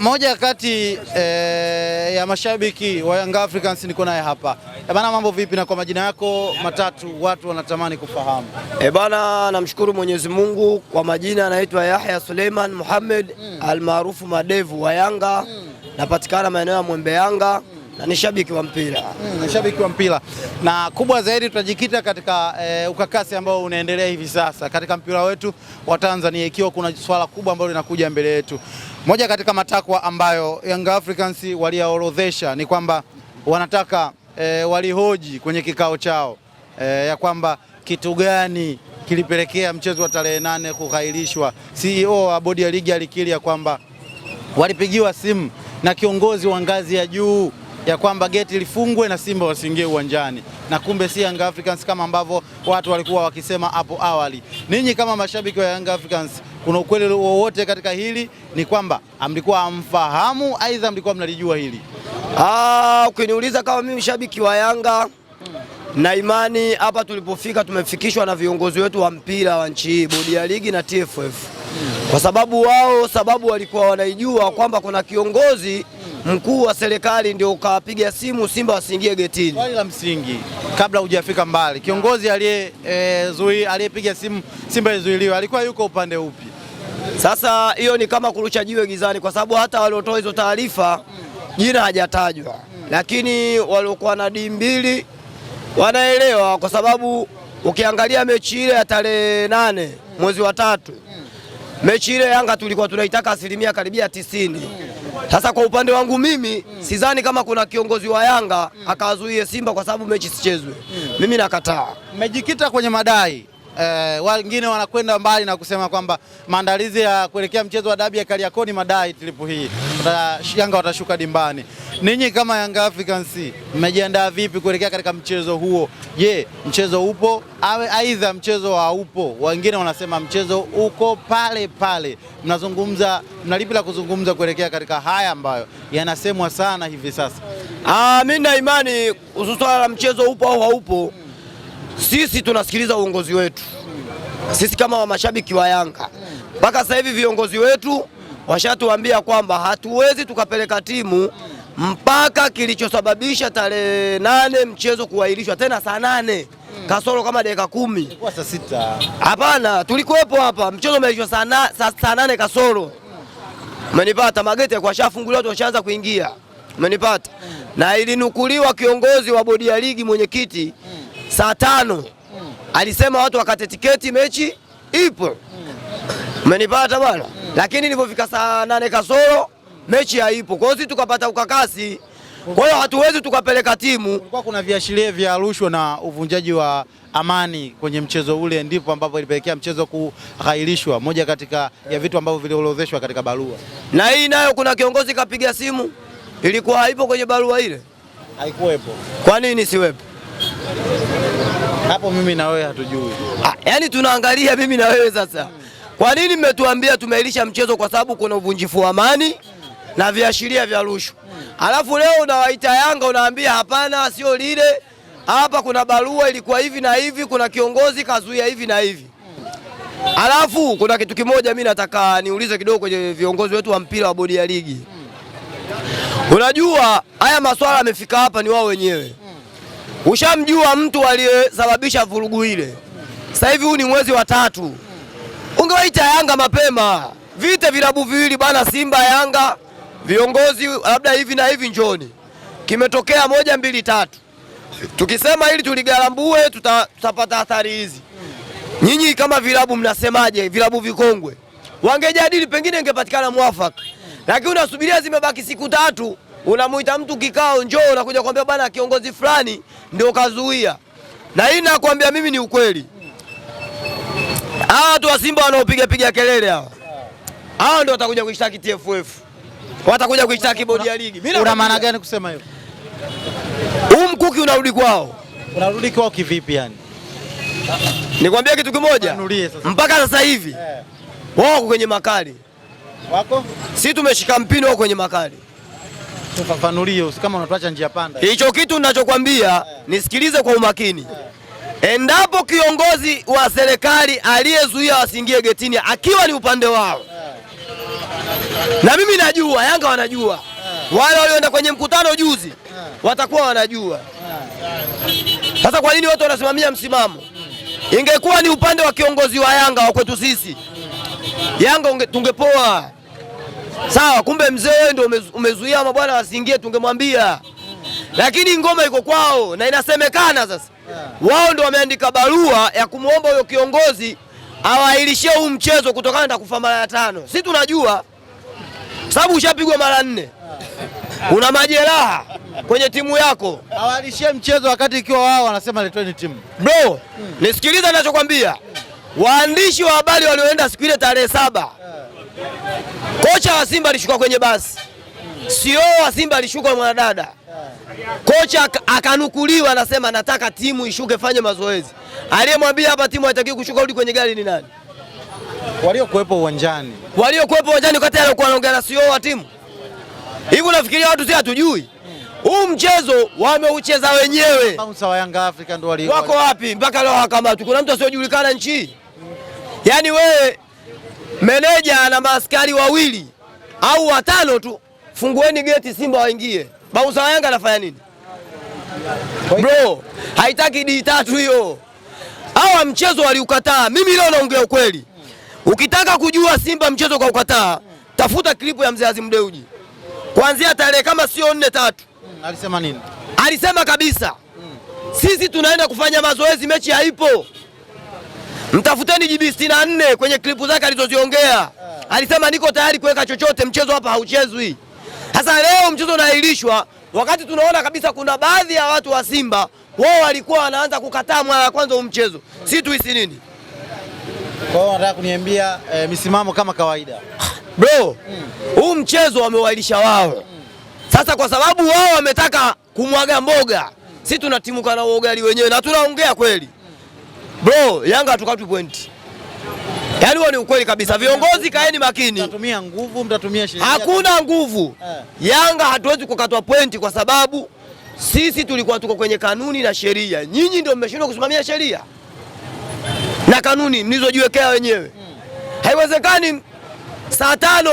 moja kati e, ya mashabiki wa Young Africans niko naye hapa. e bana mambo vipi na kwa majina yako matatu watu wanatamani kufahamu. E bana namshukuru Mwenyezi Mungu kwa majina anaitwa Yahya Suleiman Muhammad mm. almaarufu Madevu wa Yanga mm. napatikana maeneo ya Mwembe Yanga mm. na ni shabiki wa mpira mm, ni shabiki wa mpira na kubwa zaidi tutajikita katika e, ukakasi ambao unaendelea hivi sasa katika mpira wetu wa Tanzania, ikiwa kuna swala kubwa ambalo linakuja mbele yetu moja katika matakwa ambayo Young Africans waliyaorodhesha ni kwamba wanataka e, walihoji kwenye kikao chao e, ya kwamba kitu gani kilipelekea mchezo wa tarehe nane kughairishwa. CEO wa bodi ya ligi alikiri ya kwamba walipigiwa simu na kiongozi wa ngazi ya juu ya kwamba geti lifungwe na Simba wasiingie uwanjani, na kumbe si Young Africans kama ambavyo watu walikuwa wakisema hapo awali. Ninyi kama mashabiki wa Young Africans kuna ukweli wowote katika hili? Ni kwamba mlikuwa hamfahamu, aidha mlikuwa mnalijua hili? Ah, ukiniuliza kama mimi mshabiki wa Yanga na imani hapa tulipofika tumefikishwa na viongozi wetu wa mpira wa nchi hii, bodi ya ligi na TFF, kwa sababu wao sababu walikuwa wanaijua kwamba kuna kiongozi mkuu wa serikali ndio ukawapiga simu Simba wasiingie getini. Swali la msingi kabla hujafika mbali, kiongozi eh, aliyepiga e, simu Simba izuiliwe alikuwa yuko upande upi? Sasa hiyo ni kama kurusha jiwe gizani, kwa sababu hata waliotoa hizo taarifa jina hajatajwa, lakini waliokuwa na dii mbili wanaelewa, kwa sababu ukiangalia mechi ile ya tarehe nane mwezi wa tatu, mechi ile Yanga tulikuwa tunaitaka asilimia karibia tisini. Sasa kwa upande wangu mimi sidhani kama kuna kiongozi wa Yanga akawazuie Simba kwa sababu mechi sichezwe, mimi nakataa. Mmejikita kwenye madai Eh, wengine wanakwenda mbali na kusema kwamba maandalizi ya kuelekea mchezo wa dabi ya ni madai tripu hii Yanga watashuka dimbani. Ninyi kama Yanga Africans mmejiandaa vipi kuelekea katika mchezo huo? Je, mchezo upo awe aidha mchezo haupo? Wengine wanasema mchezo uko pale pale. Mnazungumza, mnalipi la kuzungumza kuelekea katika haya ambayo yanasemwa sana hivi sasa? Ah, mimi na imani hususan la mchezo upo au haupo sisi tunasikiliza uongozi wetu, sisi kama wa mashabiki wa Yanga. Mpaka sasa hivi viongozi wetu washatuambia kwamba hatuwezi tukapeleka timu mpaka kilichosababisha tarehe nane mchezo kuahirishwa tena saa nane hmm. kasoro kama dakika kumi. Hapana, tulikuwepo hapa, mchezo umeahirishwa saa sa nane kasoro. Umenipata? Mageti yalikuwa yashafunguliwa, watu washaanza kuingia. Umenipata? Hmm. Na ilinukuliwa kiongozi wa bodi ya ligi, mwenyekiti hmm saa tano alisema watu wakate tiketi, mechi ipo, umenipata bwana. Lakini nilipofika saa nane kasoro mechi haipo, kwa hiyo sisi tukapata ukakasi. Kwa hiyo hatuwezi tukapeleka timu. Kulikuwa kuna viashiria vya rushwa na uvunjaji wa amani kwenye mchezo ule, ndipo ambapo ilipelekea mchezo kughairishwa moja katika ya vitu ambavyo viliorodheshwa katika barua. Na hii nayo kuna kiongozi kapiga simu, ilikuwa haipo kwenye barua ile, haikuwepo. Kwa nini siwepo? Hapo mimi na wewe hatujui. Ah, yani tunaangalia mimi na wewe sasa. Kwa nini mmetuambia tumeilisha mchezo? Kwa sababu kuna uvunjifu wa amani na viashiria vya rushwa. Alafu leo unawaita Yanga unaambia hapana, sio lile. Hapa kuna barua ilikuwa hivi na hivi, kuna kiongozi kazuia hivi na hivi. Alafu kuna kitu kimoja mimi nataka niulize kidogo kwenye viongozi wetu wa mpira wa bodi ya ligi. Unajua haya maswala yamefika hapa ni wao wenyewe. Ushamjua mtu aliyesababisha vurugu ile. Sasa hivi huu ni mwezi wa tatu, ungewaita Yanga mapema, vite vilabu viwili bana, Simba Yanga, viongozi labda hivi na hivi, njoni kimetokea moja mbili tatu. Tukisema ili tuligarambue, tuta, tutapata athari hizi. Nyinyi kama vilabu mnasemaje? Vilabu vikongwe wangejadili, pengine ingepatikana mwafaka, lakini unasubiria zimebaki siku tatu Unamuita mtu kikao, njoo, unakuja kuambia bana, kiongozi fulani ndio kazuia. Na hii nakwambia mimi ni ukweli. Hawa watu wa Simba wanaopiga piga kelele hawa, hawa ndio watakuja kuishtaki TFF, watakuja kuishtaki bodi ya ligi. Mimi una maana gani kusema hiyo? Huu mkuki unarudi kwao. Unarudi kwao kivipi yani? Nikwambia kitu kimoja, mpaka sasa hivi eh. wako kwenye makali, wako si tumeshika mpini, wao kwenye makali. Tufafanulie kama unatuacha njia panda. Hicho kitu ninachokwambia yeah. Nisikilize kwa umakini yeah. Endapo kiongozi wa serikali aliyezuia wasiingie getini akiwa ni upande wao yeah. Na mimi najua Yanga wanajua yeah. Wale walioenda kwenye mkutano juzi yeah. Watakuwa wanajua sasa yeah. Kwa nini watu wanasimamia msimamo? Ingekuwa ni upande wa kiongozi wa Yanga wa kwetu sisi Yanga unge, tungepoa sawa. Kumbe mzee wewe ndio umezuia mabwana wasiingie, tungemwambia lakini ngoma iko kwao na inasemekana sasa wao ndio wameandika barua ya kumwomba huyo kiongozi awailishie huu mchezo kutokana na kufa mara ya tano. Si tunajua sababu ushapigwa mara nne, una majeraha kwenye timu yako, awailishie mchezo wakati ikiwa wao wanasema leteni timu. Bro, mm. nisikiliza ninachokwambia. Waandishi wa habari walioenda siku ile tarehe saba Kocha wa Simba alishuka kwenye basi, sio e wa Simba alishuka mwanadada. Kocha akanukuliwa anasema nataka timu ishuke, fanye mazoezi. Aliyemwambia hapa timu haitakiwi kushuka, rudi kwenye gari ni nani? Waliokuwepo uwanjani, waliokuwepo uwanjani, wakati alikuwa anaongea na sio e wa timu hivi. Unafikiria watu si hatujui huu mchezo wameucheza wenyewe. Bouncer wa Yanga Africa ndio wali wako wapi mpaka leo hawakamatwi? Kuna mtu asiyojulikana nchi? Yaani wewe meneja na maaskari wawili au watano tu, fungueni geti, Simba waingie. Bauza Yanga anafanya nini bro? Haitaki d tatu hiyo. Hawa mchezo waliukataa. Mimi leo naongea ukweli. Ukitaka kujua Simba mchezo kwa ukataa, tafuta klipu ya mzee Azim Deuji kuanzia tarehe kama sio nne tatu. Mm, alisema nini? Alisema kabisa mm. sisi tunaenda kufanya mazoezi, mechi haipo. Mtafuteni GB 64 kwenye klipu zake alizoziongea, eh. alisema niko tayari kuweka chochote, mchezo hapa hauchezwi. Sasa leo mchezo unaahirishwa wakati tunaona kabisa kuna baadhi ya watu wa Simba wao walikuwa wanaanza kukataa mara ya kwanza huu mchezo, si tuisi nini? Kwa hiyo nataka kuniambia e, misimamo kama kawaida bro, huu mm. mchezo wamewailisha wao. Sasa kwa sababu wao wametaka kumwaga mboga, si tunatimuka na uogali wenyewe na tunaongea kweli. Bro, Yanga tukatu point. Yaani huo ni ukweli kabisa. Viongozi kaeni makini. Mtatumia nguvu, mtatumia sheria. Hakuna nguvu. Eh. Yanga hatuwezi kukatwa pointi kwa sababu sisi tulikuwa tuko kwenye kanuni na sheria. Nyinyi ndio mmeshindwa kusimamia sheria na kanuni mlizojiwekea wenyewe. Hmm. Haiwezekani saa tano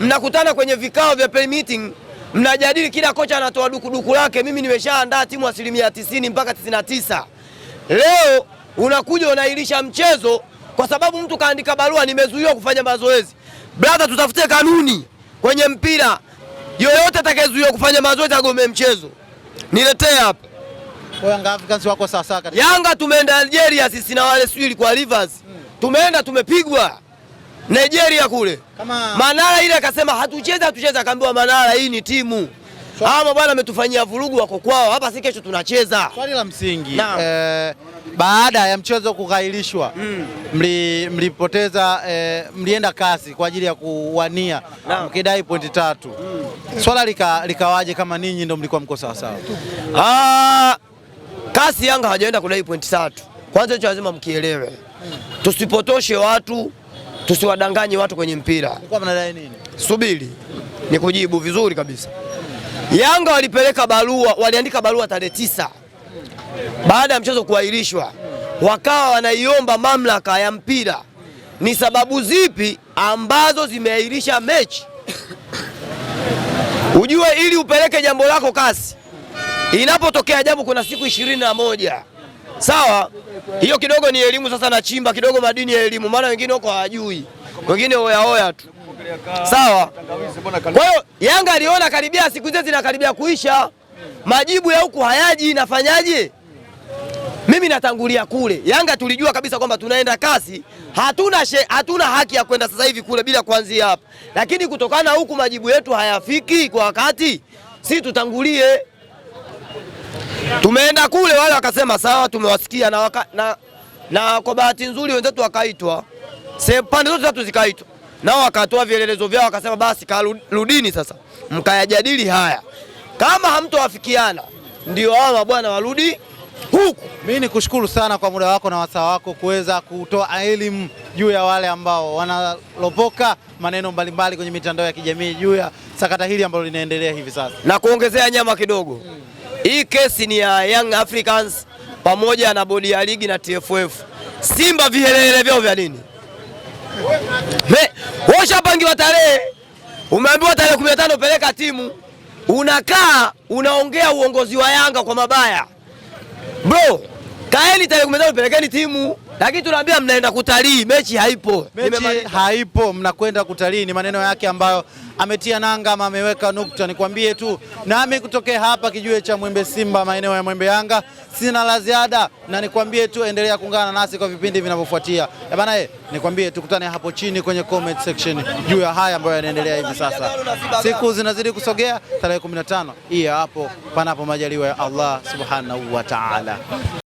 mnakutana kwenye vikao vya play meeting mnajadili, kila kocha anatoa dukuduku lake. Mimi nimeshaandaa timu asilimia tisini mpaka tisini na tisa leo unakuja unailisha mchezo kwa sababu mtu kaandika barua, nimezuiwa kufanya mazoezi. Brother, tutafute kanuni kwenye mpira, yoyote atakayezuiwa kufanya mazoezi agome mchezo. Niletee hapa Yanga Africans wako sawa sawa Yanga. Tumeenda Algeria sisi na wale sijui kwa Rivers hmm. Tumeenda tumepigwa Nigeria kule kama... Manara ile akasema hatucheza hatucheza akaambiwa Manara, hii ni timu hawa bwana ametufanyia vurugu, wako kwao hapa, si kesho tunacheza. Swali la msingi eh, baada ya mchezo kughairishwa mm. mli, mlipoteza eh, mlienda kasi kwa ajili ya kuwania mkidai pointi tatu mm. swala likawaje kama ninyi ndio mlikuwa mko sawasawa? Ah, kasi Yanga hawajaenda kudai pointi tatu. Kwanza hicho lazima mkielewe mm. tusipotoshe watu tusiwadanganye watu kwenye mpira. Mlikuwa mnadai nini? Subiri nikujibu vizuri kabisa. Yanga walipeleka barua, waliandika barua tarehe tisa baada ya mchezo kuahirishwa, wakawa wanaiomba mamlaka ya mpira ni sababu zipi ambazo zimeahirisha mechi. Ujue, ili upeleke jambo lako kasi, inapotokea jambo kuna siku ishirini na moja. Sawa, hiyo kidogo ni elimu. Sasa nachimba kidogo madini ya elimu, maana wengine wako hawajui, wengine oyaoya tu sawa. Kwa hiyo Yanga aliona karibia siku zile zinakaribia kuisha, majibu ya huku hayaji, nafanyaje? Mimi natangulia kule. Yanga tulijua kabisa kwamba tunaenda kasi, hatuna, she, hatuna haki ya kwenda sasa hivi kule bila kuanzia hapa, lakini kutokana huku majibu yetu hayafiki kwa wakati, si tutangulie. Tumeenda kule, wale wakasema sawa, tumewasikia na, na, na kwa bahati nzuri wenzetu wakaitwa, pande zote tatu zikaitwa nao wakatoa vielelezo vyao, wakasema basi karudini sasa mkayajadili haya, kama hamtowafikiana ndio hao mabwana warudi huku. Mimi kushukuru sana kwa muda wako na wasaa wako kuweza kutoa elimu juu ya wale ambao wanalopoka maneno mbalimbali kwenye mitandao ya kijamii juu ya sakata hili ambalo linaendelea hivi sasa, na kuongezea nyama kidogo hmm. Hii kesi ni ya Young Africans pamoja na bodi ya ligi na TFF. Simba vihelele vyao vya nini? Ushapangiwa tarehe, umeambiwa tarehe kumi na tano peleka timu, unakaa unaongea uongozi wa Yanga kwa mabaya. Bro, kaeni tarehe kumi na tano pelekeni timu lakini tunaambia mnaenda kutalii, mechi haipo, mechi haipo, mnakwenda kutalii. Ni maneno yake ambayo ametia nanga ama ameweka nukta. Nikwambie tu nami kutokea hapa kijue cha Mwembe Simba, maeneo ya Mwembe Yanga. Sina la ziada na nikwambie tu, endelea kuungana nasi kwa vipindi vinavyofuatia. Eh bana, eh nikwambie tukutane hapo chini kwenye comment section juu ya haya ambayo yanaendelea hivi sasa. Siku zinazidi kusogea, tarehe 15 hii hapo, panapo majaliwa ya Allah subhanahu wa ta'ala.